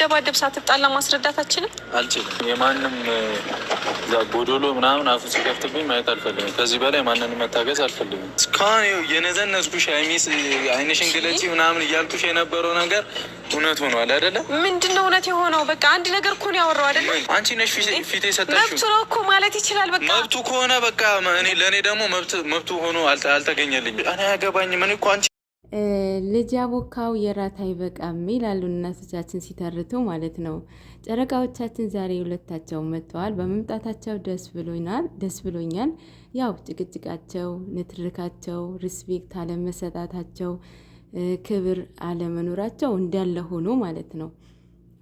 ሳትደባደብ ሳትጣላ ማስረዳት አችልም አልችልም። የማንም ጎዶሎ ምናምን አፉ ሲከፍትብኝ ማየት አልፈልግም። ከዚህ በላይ ማንን መታገዝ አልፈልግም። እስካሁን የነዘነዝኩሽ አይሚስ አይንሽን ግለጪ ምናምን እያልኩሽ የነበረው ነገር እውነት ሆኗል አይደለ? ምንድን ነው እውነት የሆነው? በቃ አንድ ነገር እኮ ነው ያወራው አይደለ? አንቺ ነሽ ፊት የሰጠሽው። መብቱ ነው እኮ ማለት ይችላል። በቃ መብቱ ከሆነ በቃ እኔ ለእኔ ደግሞ መብቱ ሆኖ አልተገኘልኝም። እኔ አያገባኝም። እኔ እኮ አንቺ ልጅ ያቦካው የራት አይበቃም ይላሉ እናቶቻችን ሲተርቱ ማለት ነው። ጨረቃዎቻችን ዛሬ ሁለታቸው መጥተዋል። በመምጣታቸው ደስ ብሎናል፣ ደስ ብሎኛል። ያው ጭቅጭቃቸው፣ ንትርካቸው፣ ሪስፔክት አለመሰጣታቸው፣ ክብር አለመኖራቸው እንዳለ ሆኖ ማለት ነው።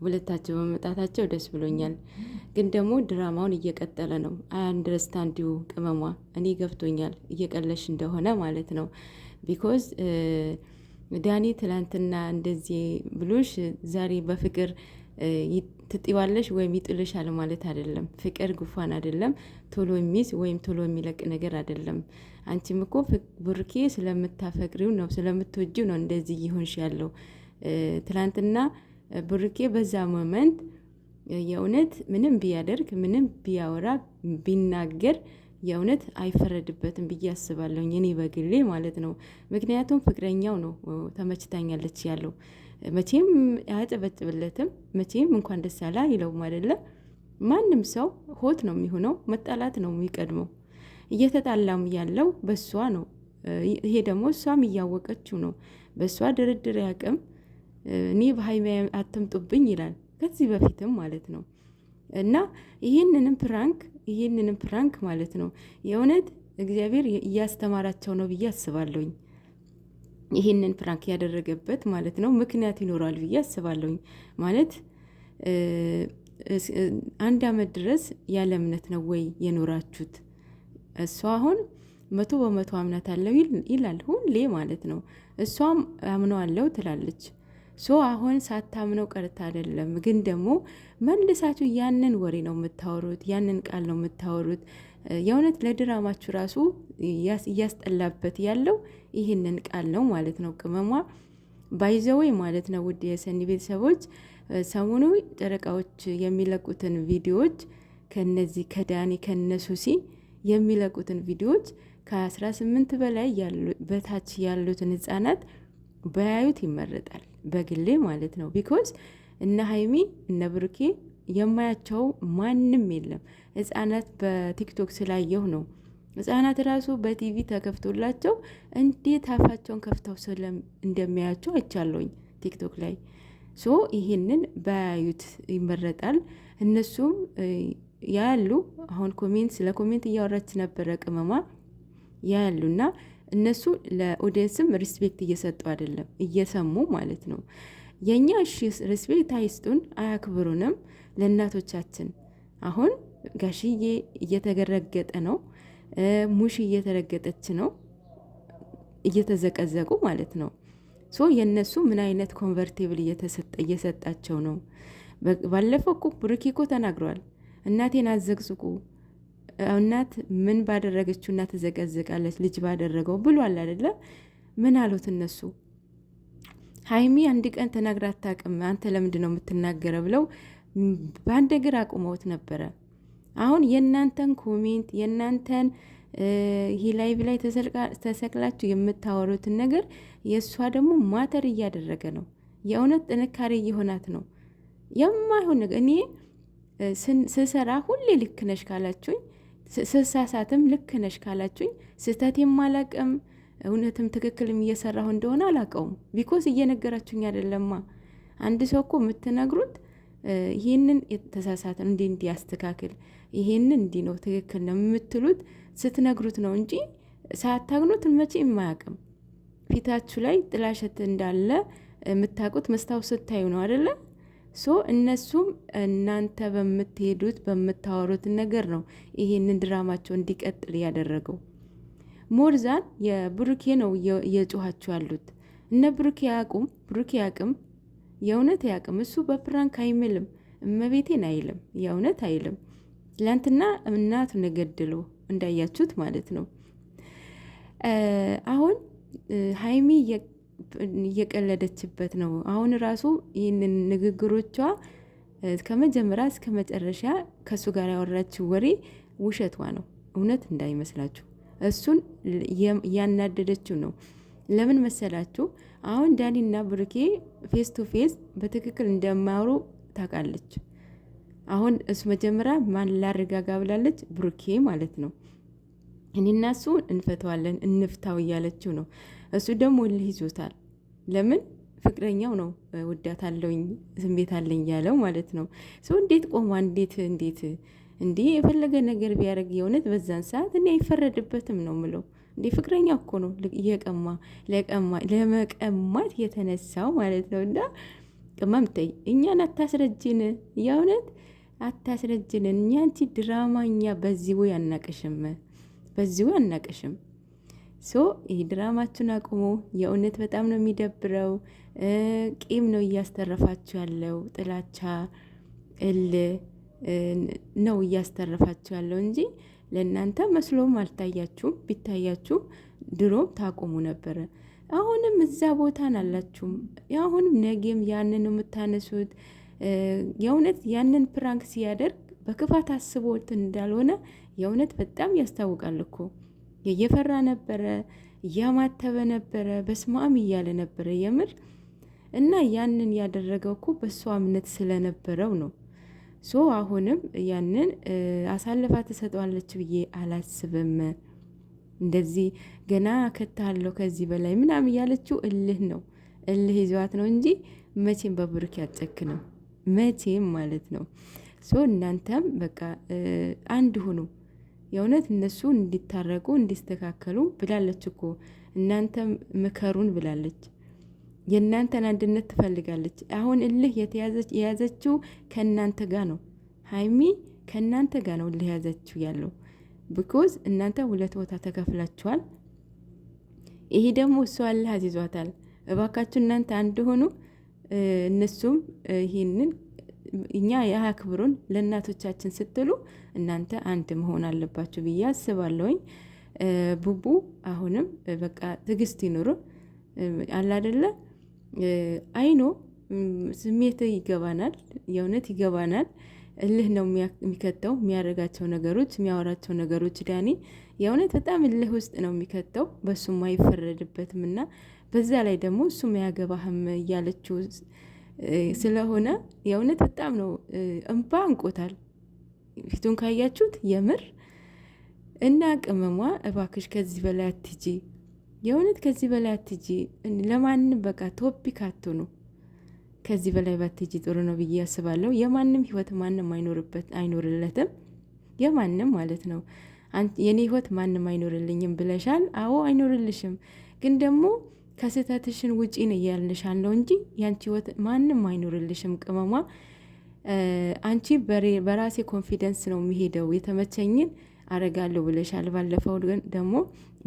ሁለታቸው በመምጣታቸው ደስ ብሎኛል። ግን ደግሞ ድራማውን እየቀጠለ ነው። እንዲሁ ቅመሟ፣ እኔ ገብቶኛል እየቀለሽ እንደሆነ ማለት ነው ቢኮዝ uh, ዳኒ ትላንትና እንደዚህ ብሎሽ ዛሬ በፍቅር uh, ትጥዋለሽ ወይም ይጥልሻል ማለት አይደለም። ፍቅር ጉፋን አይደለም፣ ቶሎ የሚይዝ ወይም ቶሎ የሚለቅ ነገር አይደለም። አንቺም እኮ ብርኬ ስለምታፈቅሪው ነው ስለምትወጂው ነው እንደዚህ ይሆንሽ ያለው። uh, ትላንትና ብርኬ በዛ ሞመንት የእውነት ምንም ቢያደርግ ምንም ቢያወራ ቢናገር የእውነት አይፈረድበትም ብዬ አስባለሁኝ እኔ በግሌ ማለት ነው። ምክንያቱም ፍቅረኛው ነው ተመችታኛለች ያለው መቼም አያጨበጭብለትም፣ መቼም እንኳን ደስ ያለ ይለውም አይደለም። ማንም ሰው ሆት ነው የሚሆነው፣ መጣላት ነው የሚቀድመው። እየተጣላም ያለው በእሷ ነው። ይሄ ደግሞ እሷም እያወቀችው ነው። በእሷ ድርድር ያቅም እኔ በሀይ አትምጡብኝ ይላል ከዚህ በፊትም ማለት ነው እና ይህንንም ፕራንክ ይህንንም ፕራንክ ማለት ነው የእውነት እግዚአብሔር እያስተማራቸው ነው ብዬ አስባለሁኝ። ይህንን ፕራንክ ያደረገበት ማለት ነው ምክንያት ይኖራል ብዬ አስባለሁኝ። ማለት አንድ አመት ድረስ ያለ እምነት ነው ወይ የኖራችሁት? እሷ አሁን መቶ በመቶ አምናት አለው ይላል ሁሌ ማለት ነው። እሷም አምነዋለው ትላለች። ሶ አሁን ሳታምነው ቀርታ አይደለም፣ ግን ደግሞ መልሳችሁ ያንን ወሬ ነው የምታወሩት፣ ያንን ቃል ነው የምታወሩት። የእውነት ለድራማችሁ ራሱ እያስጠላበት ያለው ይህንን ቃል ነው ማለት ነው። ቅመሟ ባይዘወይ ማለት ነው። ውድ የሰኒ ቤተሰቦች ሰሞኑ ጨረቃዎች የሚለቁትን ቪዲዮዎች ከነዚህ ከዳኒ ከነሱሲ የሚለቁትን ቪዲዮዎች ከ18 በላይ በታች ያሉትን ህጻናት በያዩት ይመረጣል። በግሌ ማለት ነው። ቢኮዝ እነ ሀይሚ እነ ብሩኬ የማያቸው ማንም የለም። ህጻናት በቲክቶክ ስላየሁ ነው። ህጻናት ራሱ በቲቪ ተከፍቶላቸው እንዴት አፋቸውን ከፍተው እንደሚያያቸው አይቻለሁኝ ቲክቶክ ላይ። ሶ ይህንን በያዩት ይመረጣል። እነሱም ያሉ አሁን ኮሜንት ስለ ኮሜንት እያወራች ነበረ ቅመማ ያሉና እነሱ ለኦዲየንስም ሪስፔክት እየሰጡ አይደለም፣ እየሰሙ ማለት ነው። የእኛ እሺ ሪስፔክት አይስጡን፣ አያክብሩንም። ለእናቶቻችን አሁን ጋሽዬ እየተረገጠ ነው፣ ሙሽ እየተረገጠች ነው፣ እየተዘቀዘቁ ማለት ነው። ሶ የእነሱ ምን አይነት ኮንቨርቴብል እየሰጣቸው ነው? ባለፈው እኮ ብሩኬ እኮ ተናግረዋል። እናቴን አዘግዝቁ እናት ምን ባደረገችው እና ትዘቀዝቃለች፣ ልጅ ባደረገው ብሏል አይደለም። ምን አሉት እነሱ? ሀይሚ አንድ ቀን ተናግራ አታውቅም፣ አንተ ለምንድ ነው የምትናገረ ብለው በአንድ እግር አቁመውት ነበረ። አሁን የእናንተን ኮሜንት የእናንተን ይህ ላይቭ ላይ ተሰቅላችሁ የምታወሩትን ነገር የእሷ ደግሞ ማተር እያደረገ ነው። የእውነት ጥንካሬ እየሆናት ነው። የማይሆን ነገር እኔ ስሰራ ሁሌ ልክ ነሽ ካላችሁኝ ስሳሳትም ልክ ነሽ ካላችሁኝ ስህተቴም አላቅም እውነትም ትክክልም እየሰራሁ እንደሆነ አላቀውም። ቢኮስ እየነገራችሁኝ አይደለማ። አንድ ሰው እኮ የምትነግሩት ይህንን የተሳሳተ እንዲ እንዲ ያስተካክል፣ ይህንን እንዲ ነው ትክክል ነው የምትሉት ስትነግሩት ነው እንጂ ሳታግኑት መቼ የማያቅም ፊታችሁ ላይ ጥላሸት እንዳለ የምታውቁት መስታወት ስታዩ ነው አደለም? ሶ እነሱም እናንተ በምትሄዱት በምታወሩት ነገር ነው ይሄንን ድራማቸው እንዲቀጥል ያደረገው። ሞርዛን የብሩኬ ነው እየጮኋቸው ያሉት እነ ብሩኬ ያቁም፣ ብሩኬ ያቅም፣ የእውነት ያቅም። እሱ በፍራንክ አይምልም፣ እመቤቴን አይልም፣ የእውነት አይልም። ትላንትና እናቱ ገደለው እንዳያችሁት ማለት ነው አሁን ሀይሚ እየቀለደችበት ነው። አሁን ራሱ ይህንን ንግግሮቿ ከመጀመሪያ እስከ መጨረሻ ከእሱ ጋር ያወራችው ወሬ ውሸቷ ነው፣ እውነት እንዳይመስላችሁ። እሱን እያናደደችው ነው። ለምን መሰላችሁ? አሁን ዳኒና ብሩኬ ፌስ ቱ ፌስ በትክክል እንደማያወሩ ታውቃለች። አሁን እሱ መጀመሪያ ማን ላረጋጋ ብላለች፣ ብሩኬ ማለት ነው። እኔና እሱ እንፈተዋለን እንፍታው እያለችው ነው። እሱ ደግሞ እልህ ይዞታል። ለምን ፍቅረኛው ነው ውዳት አለውኝ ስሜት አለኝ ያለው ማለት ነው። ሰው እንዴት ቆማ እንዴት እንዴት እንዲህ የፈለገ ነገር ቢያደርግ የእውነት በዛን ሰዓት እኔ አይፈረድበትም ነው ምለው። እንዴ ፍቅረኛ እኮ ነው እየቀማ ለመቀማት የተነሳው ማለት ነው። እና ቅመምተይ እኛን አታስረጅን፣ የእውነት አታስረጅን። እኛ አንቺ ድራማኛ በዚህ ቦይ አናቅሽም። በዚሁ አናቀሽም። ሶ ይህ ድራማችን አቁሙ። የእውነት በጣም ነው የሚደብረው። ቂም ነው እያስተረፋችሁ ያለው፣ ጥላቻ እል ነው እያስተረፋችሁ ያለው እንጂ ለእናንተ መስሎም አልታያችሁም። ቢታያችሁ ድሮም ታቆሙ ነበረ። አሁንም እዛ ቦታን አላችሁም። አሁንም ነገም ያንን የምታነሱት የእውነት ያንን ፕራንክ ሲያደርግ በክፋት አስቦት እንዳልሆነ የእውነት በጣም ያስታውቃል እኮ እየፈራ ነበረ፣ እያማተበ ነበረ፣ በስማም እያለ ነበረ የምር እና ያንን ያደረገው እኮ በእሷ እምነት ስለነበረው ነው። ሶ አሁንም ያንን አሳልፋ ትሰጠዋለች ብዬ አላስብም። እንደዚህ ገና ከታለው ከዚህ በላይ ምናምን እያለችው እልህ ነው እልህ ይዘዋት ነው እንጂ መቼም በብሩክ ነው መቼም ማለት ነው። ሶ እናንተም በቃ አንድ ሁኑ። የእውነት እነሱ እንዲታረቁ እንዲስተካከሉ ብላለች እኮ እናንተ ምከሩን ብላለች። የእናንተን አንድነት ትፈልጋለች። አሁን እልህ የያዘችው ከእናንተ ጋር ነው። ሀይሚ ከእናንተ ጋር ነው እልህ የያዘችው ያለው ብኮዝ እናንተ ሁለት ቦታ ተከፍላችኋል። ይሄ ደግሞ እሱ አላህ አዚዟታል። እባካችሁ እናንተ አንድ ሆኑ። እነሱም ይህንን እኛ የአክብሩን ለእናቶቻችን ስትሉ እናንተ አንድ መሆን አለባችሁ ብዬ አስባለሁኝ። ቡቡ አሁንም በቃ ትግስት ይኑሩ አላደለ አይኖ ስሜት ይገባናል፣ የእውነት ይገባናል። እልህ ነው የሚከተው የሚያደርጋቸው ነገሮች የሚያወራቸው ነገሮች ዳኒ የእውነት በጣም እልህ ውስጥ ነው የሚከተው። በሱም አይፈረድበትም እና በዛ ላይ ደግሞ እሱም አያገባህም እያለችው ስለሆነ የእውነት በጣም ነው እንባ እንቆታል። ፊቱን ካያችሁት የምር እና ቅመሟ እባክሽ ከዚህ በላይ አትጂ፣ የእውነት ከዚህ በላይ አትጂ። ለማንም በቃ ቶፒክ አትሆኑ። ከዚህ በላይ ባትጂ ጥሩ ነው ብዬ አስባለሁ የማንም ህይወት ማንም አይኖርበት አይኖርለትም፣ የማንም ማለት ነው። የኔ ህይወት ማንም አይኖርልኝም ብለሻል። አዎ አይኖርልሽም፣ ግን ደግሞ ከስህተትሽን ውጪን እያልንሻል ነው እንጂ ያንቺ ህይወት ማንም አይኖርልሽም ቅመሟ። አንቺ በራሴ ኮንፊደንስ ነው የሚሄደው የተመቸኝን አረጋለሁ ብለሻል። ባለፈው ደግሞ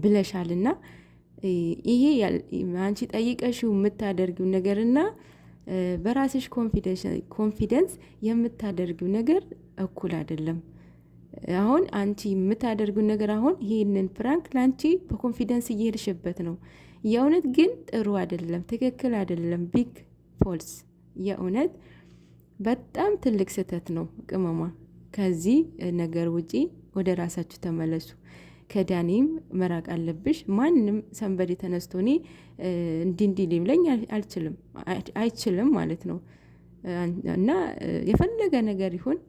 ብለሻል እና ይሄ አንቺ ጠይቀሽው የምታደርጊው ነገርና በራስሽ ኮንፊደንስ የምታደርጊው ነገር እኩል አይደለም። አሁን አንቺ የምታደርጊው ነገር አሁን ይህንን ፍራንክ ለአንቺ በኮንፊደንስ እየሄድሽበት ነው የእውነት ግን ጥሩ አይደለም፣ ትክክል አይደለም። ቢግ ፎልስ የእውነት በጣም ትልቅ ስህተት ነው ቅመማ ከዚህ ነገር ውጪ ወደ ራሳችሁ ተመለሱ። ከዳኒም መራቅ አለብሽ። ማንም ሰንበዴ ተነስቶ እኔ እንዲህ እንዲህ ሊብለኝ አልችልም አይችልም ማለት ነው እና የፈለገ ነገር ይሁን